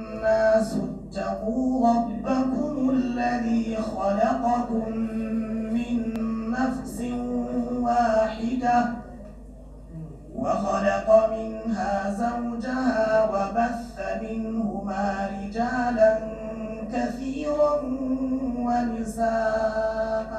الناس اتقوا ربكم الذي خلقكم من نفس واحدة وخلق منها زوجها وبث منهما رجالا كثيرا ونساء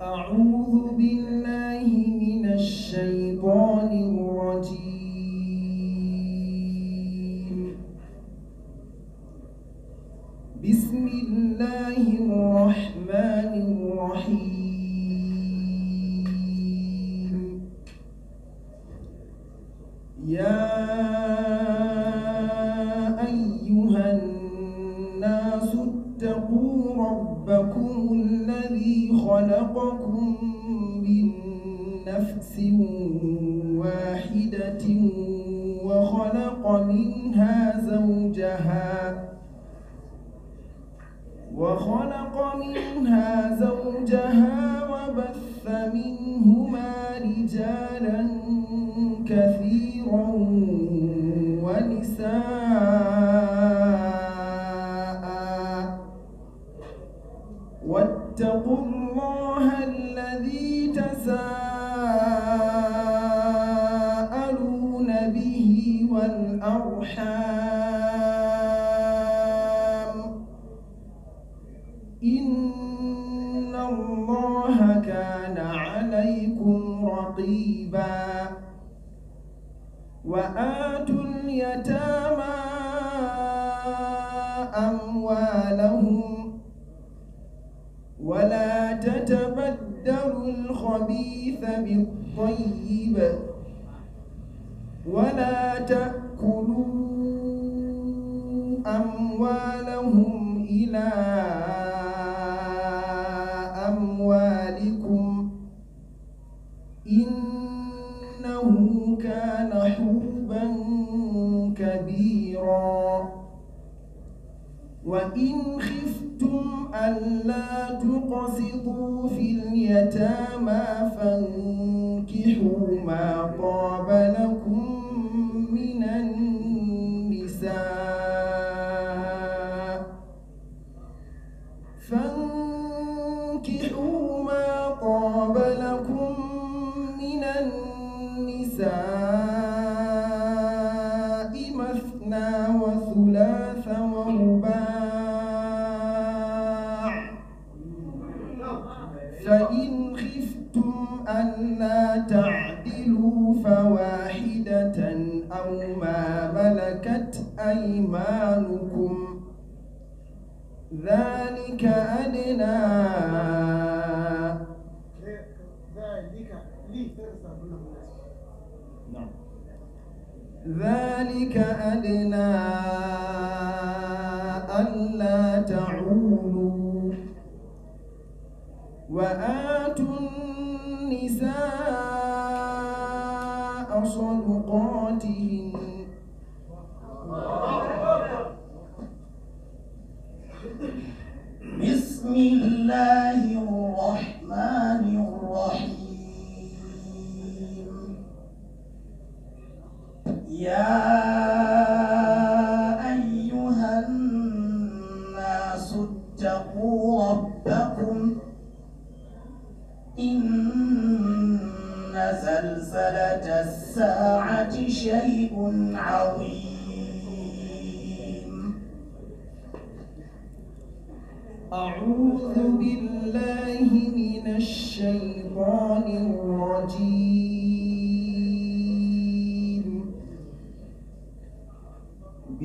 أعوذ بالله الشيطان الرجيم بسم الله الرحمن الرحيم يا أيها الناس اتقوا ربكم الذي خلقكم بالطيب ولا ألا تعدلوا فواحدة أو ما ملكت أيمانكم ذلك أدنى ذلك نعم. أدنى ألا تعولوا وآمنوا بسم الله الرحمن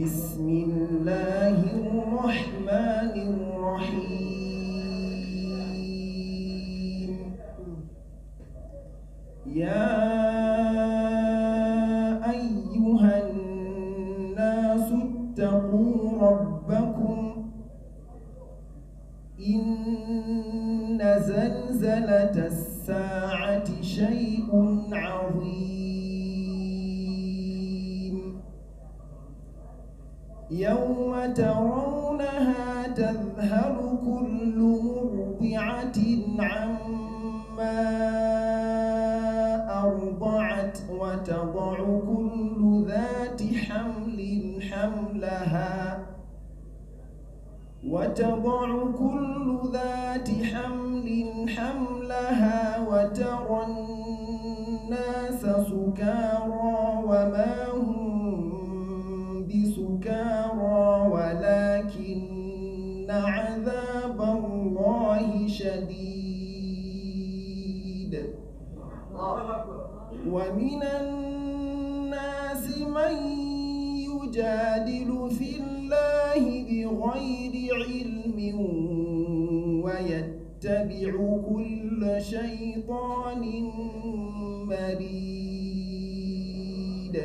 بسم الله الرحمن الرحيم يا عما أرضعت وتضع كل ذات حمل حملها وتضع كل ذات حمل حملها وترى الناس سكارى ومن الناس من يجادل في الله بغير علم ويتبع كل شيطان مريد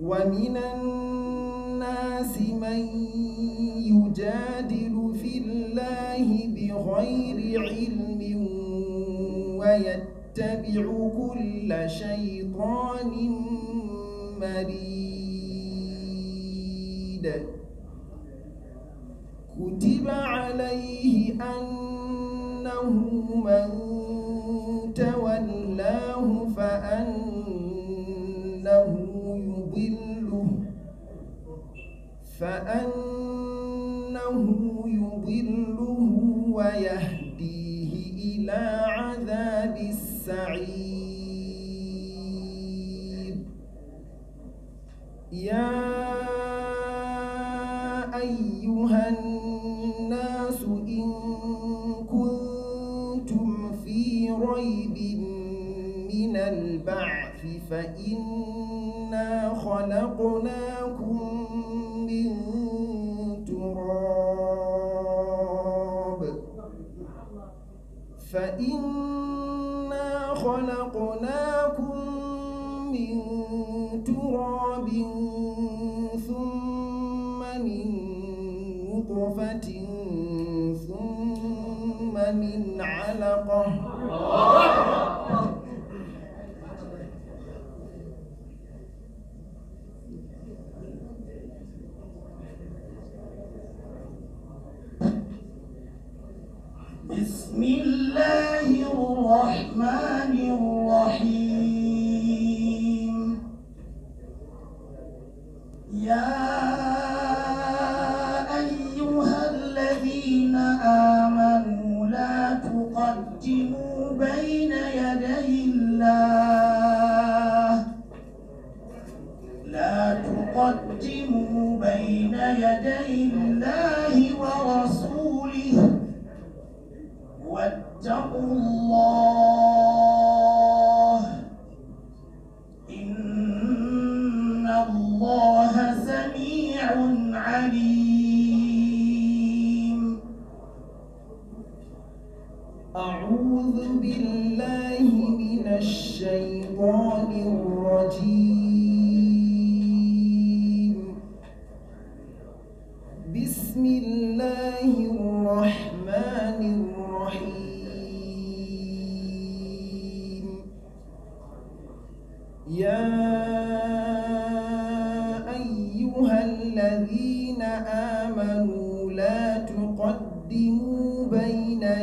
ومن الناس من يجادل في الله بغير علم يتبع كل شيطان مريد كتب عليه أنه من تولاه فأنه يضله فأنه يضله ويهديه إلى السعير يا أيها الناس إن كنتم في ريب من البعث فإن علقة Don't.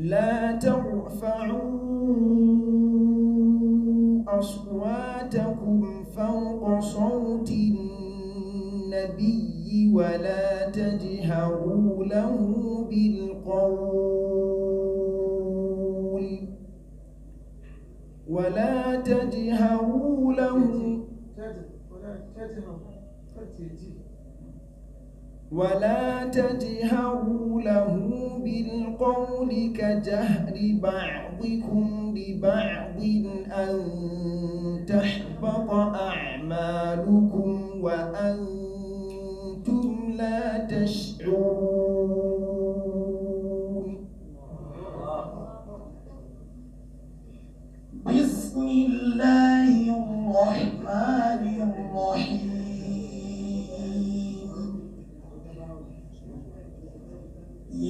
لا ترفعوا أصواتكم فوق صوت النبي ولا تجهروا له بالقول ولا تجهروا له ولا تجهروا ولا تجهروا له بالقول كجهر بعضكم لبعض أن تحبط أعمالكم وأنتم لا تشعرون بسم الله الرحمن الرحيم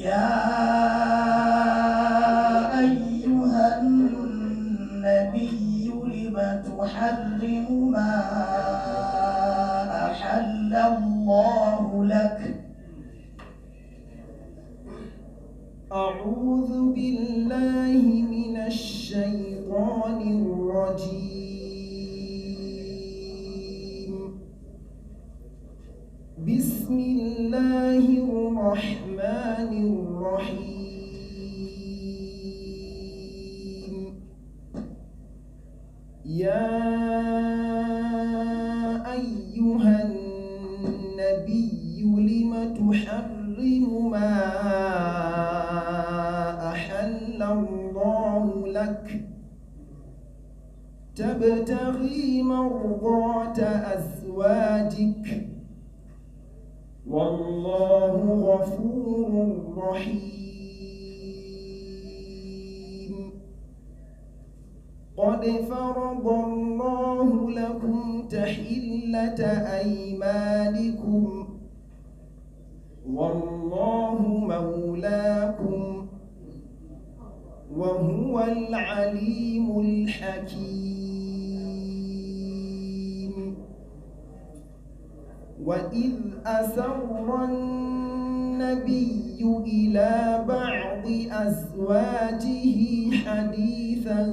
يا أيها النبي لم تحرم ما أحل الله لك أعوذ بالله من الشيطان الرجيم مرضات أزواجك والله غفور رحيم قد فرض الله لكم تحلة أيمانكم والله مولاكم وهو العليم الحكيم وإذ أسر النبي إلى بعض أزواجه حديثا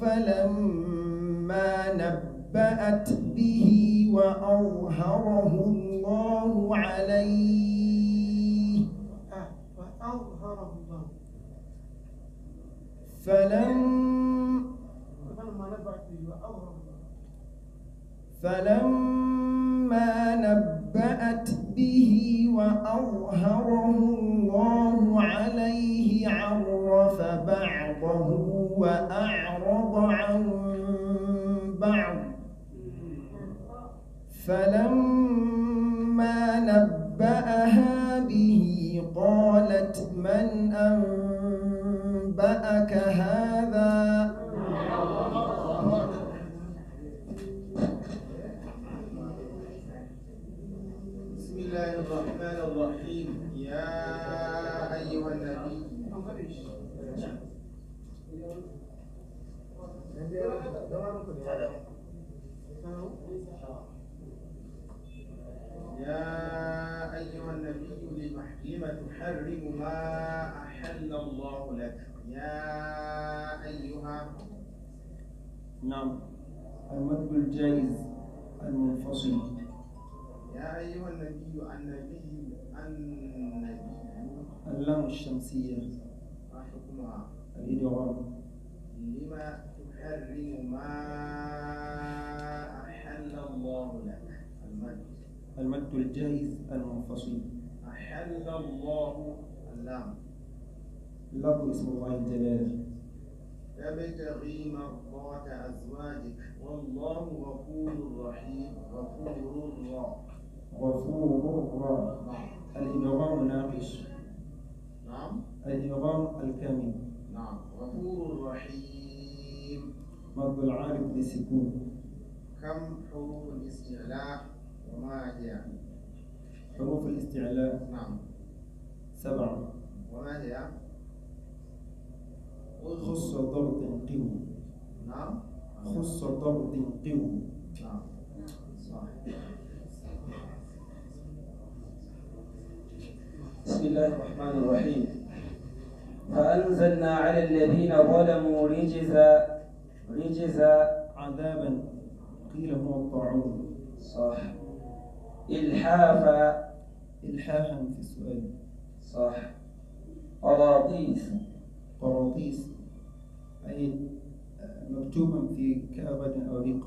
فلما نبأت به وأظهره الله عليه وأظهره الله فلما ما نبأت به وأظهره الله عليه عرف بعضه وأعرض عن بعض فلما نبأها به قالت من أنبأك هذا الرحمن الرحيم يا أيها النبي يا أيها النبي لم تحرم ما أحل الله لك يا أيها نعم المد الجائز المنفصل أيها النبي النبي النبي اللام الشمسية ما حكمها الإدغام لما تحرم ما أحل الله لك المد المد الجائز المنفصل أحل الله اللام لفظ اسم الله الجلال تبتغي مرضات أزواجك والله غفور رحيم غفور رحيم غفور رحيم الإدغام ناقص نعم الإدغام الكامل نعم غفور رحيم مد العارف بسكون كم حروف الاستعلاء وما هي؟ حروف الاستعلاء نعم سبعة وما هي؟ خص ضرب قو نعم خص ضرب قو نعم صحيح الله الرحمن الرحيم فأنزلنا على الذين ظلموا رجزا رجزا عذابا قيل هو الطاعون صح إلحافا إلحافا في السؤال صح قراطيس قراطيس أي مكتوبا في كعبة أو ريق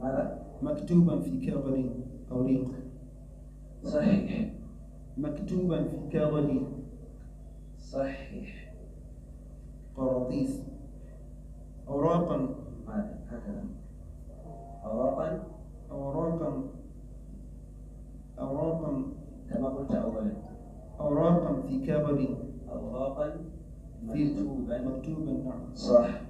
ماذا؟ مكتوبا في كعبة أو ريق صحيح مكتوبا في كاغدي صحيح قراطيس أوراقا أوراقا أوراقا أوراقا كما قلت أولا أوراقا في كبد أوراقا في مكتوبا مكتوبا نعم صح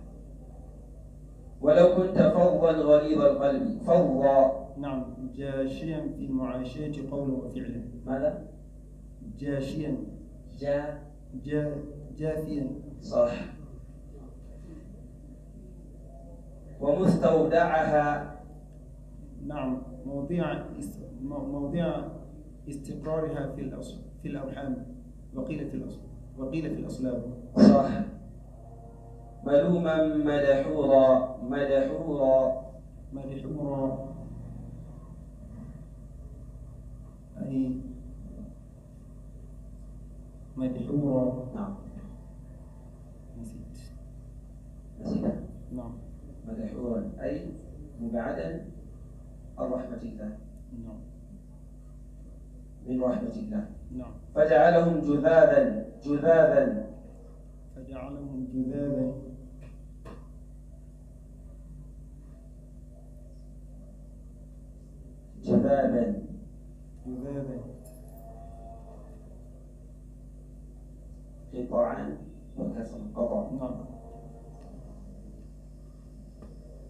ولو كنت فظا غليظ القلب فظا نعم جاشيا في المعاشية قوله وفعله ماذا؟ جاشيا جا جا جافيا صح ومستودعها نعم موضع موضع استقرارها في الأصل في الأرحام وقيل في الأصل وقيل في الأصلاب صح ملوما مدحورا مدحورا مدحورا أي مدحورا نعم نسيت نعم مدحورا أي مبعدا عن رحمة الله نعم من رحمة الله نعم فجعلهم جذاذا جذاذا فجعلهم جذاذا جذاذا جذاذا في وكسر قطع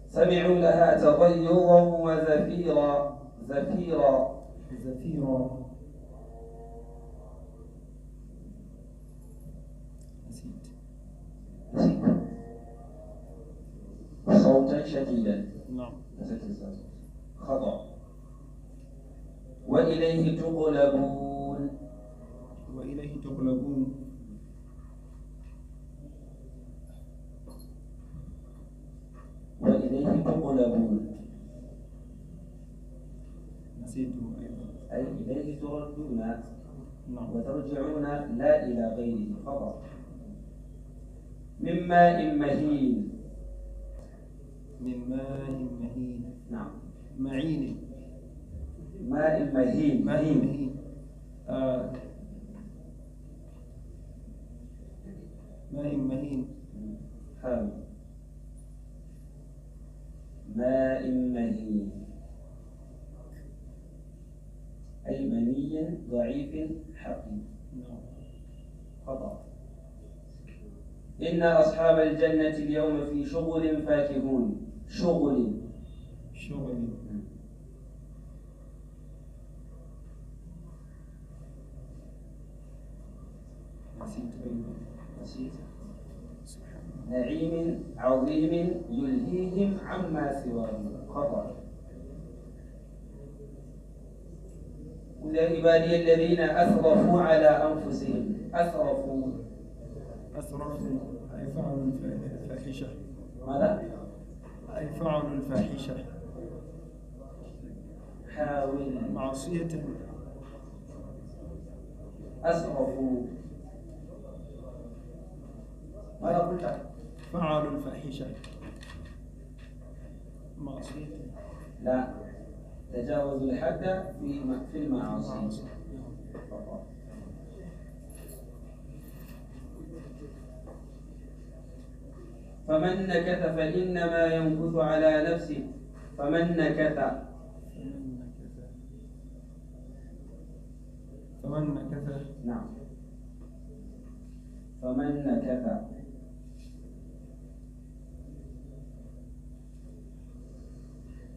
سمعوا لها تغيرا وزفيرا زفيرا زفيرا نسيت صوتا شديدا نعم خطأ وإليه تقلبون وإليه تقلبون إليه تقلبون نسيت أي إليه تردون نعم. وترجعون لا إلى غيره فقط من ماء مهين من ماء مهين نعم معين ماء مهين مهين, مهين. آه. ماء مهين حامل ماء مهين أي مني ضعيف حقير خطأ إن أصحاب الجنة اليوم في شغل فاكهون شغل شغل نسيت نسيت نعيم عظيم يلهيهم عما سواه خطر قل عبادي الذين أسرفوا على أنفسهم أسرفوا أسرفوا أي فعلوا الفاحشة ماذا؟ أي فعلوا الفاحشة حاول معصية أسرفوا ماذا قلت؟ فعلوا الفاحشة معصية لا تجاوزوا الحد في في المعاصي فمن نكث فإنما ينكث على نفسه فمن نكث فمن نكث نعم فمن نكث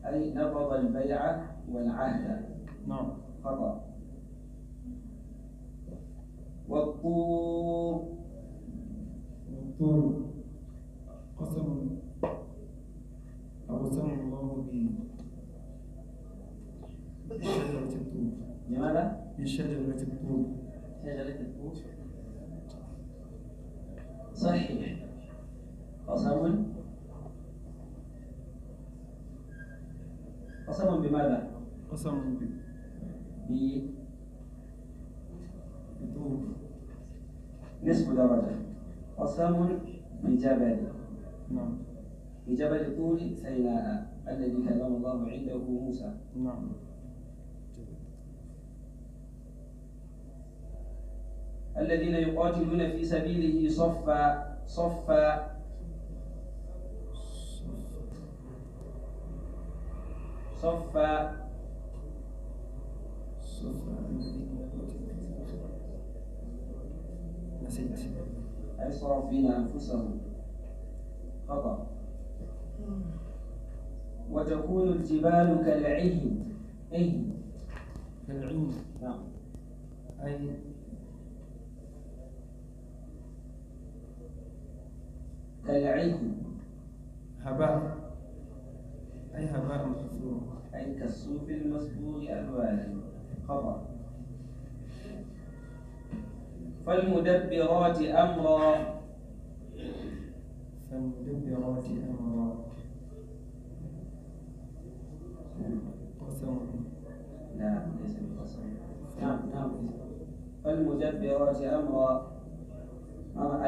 أي نقض البيعة والعهد نعم خطأ والطور والطور قسم أقسم الله به بشجرة الطور لماذا؟ بشجرة الطور شجرة الطور صحيح قسم بماذا؟ قسما ب نصف درجة قسم بجبل نعم بجبل طول سيناء الذي كلم الله عنده موسى نعم الذين يقاتلون في سبيله صفا صفا صف صف نسيت أيسر فينا أنفسهم خطأ وتكون الجبال كالعهن أي كالعهن نعم أي كالعهن هباء أي هباء مفتوح أي كالصوف المصبوغ ألوانا خبر فالمدبرات أمرا فالمدبرات أمرا قسم لا نعم، ليس بقسم نعم نعم, نعم. فالمدبرات أمرا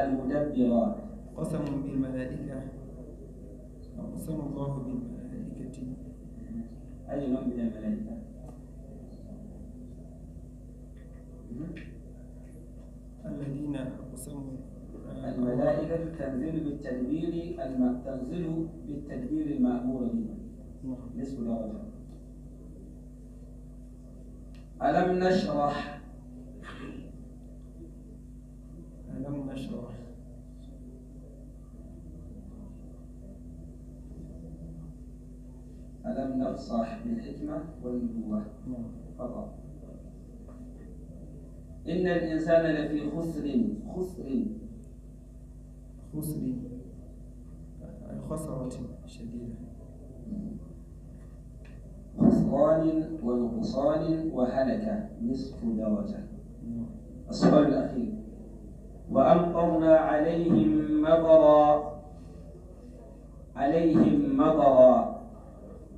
المدبرات قسم بالملائكة قسم الله بالملائكة أي نوع من الملائكة الذين أقسموا آه، الملائكة تنزل بالتدبير الم... تنزل بالتدبير المأمور به نعم. نصف درجة ألم نشرح ألم نفصح بالحكمة والنبوة فقط إن الإنسان لفي خسر خسر خسر خسرة شديدة خسران ونقصان وهلكة نصف درجة السؤال الأخير وأمطرنا عليهم مطرا عليهم مطرا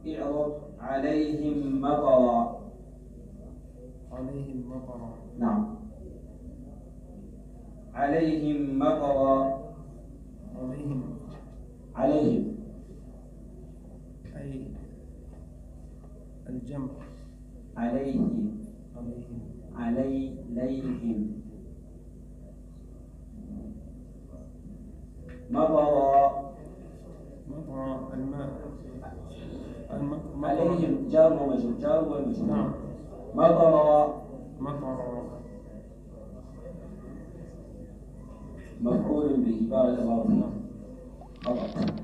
اعرض عليهم مطرا عليهم مطرا نعم عليهم مطرا عليهم عليهم أي الجمع عليهم عليهم عليهم والمشتار والمشتار مطر مطر مفعول به بعد الله نعم. فيك